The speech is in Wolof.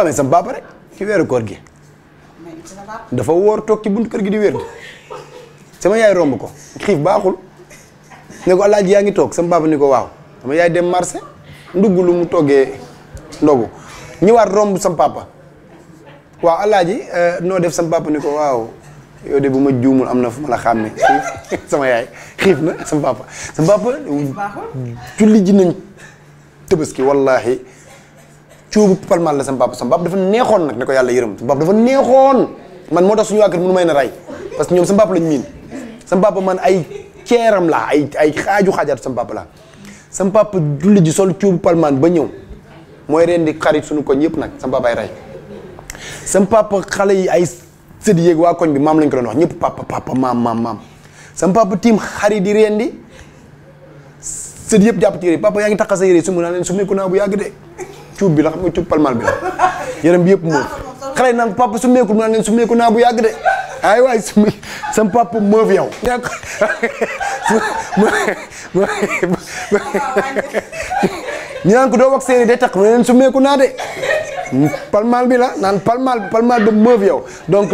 waaw mais sama papa rek ci weeru koor gi dafa woor toog ci buntu kër gi di wér sama yaay romb ko xiif baaxul ne ko alaaji yaa ngi toog sama papa ni ko waaw sama yaay dem marché ndugg lu mu toggee ndogu ñëwaat romb sama papa waaw alaaji euh, noo def sama papa ko waaw bu ma juumul am na fu ma la xàmme sama yaay xiif na sama papa sama papa julli ji nañ tëbaski wallahi cuubu palmal la sama papa sama papa dafa neexoon nag ne ko yàlla yërëm sama papa dafa neexoon man moo tax suñu waa kër mënu may na rey parce que ñoom sama lañ miin sama papa man ay ceeram laa ay ay xaaju xaajaatu sama papa laa sama papa julli ji sol cuubu palmaan ba ñëw mooy reen di xarit suñu koñ yëpp nag sama papa ay rey sama papa xale yi ay sët yéeg waa koñ bi maam lañ ko doon wax ñëpp papa papa mam maam maam sama papa tiim xarit di reen di sët yëpp ci papa yaa ngi taqa sa yére su mu naa leen su meeku bu yàgg de cuub bi la xam nga cuub palmal bi la yaram bi yëpp moom xale naan papa su meeku naan leen su meeku naa bu yàgg de ay waay su sam papa moof yow ñu naan ko doo wax seeni day tax mu su meeku naa de palmal bi la naan palmal palmal ba moof yow donc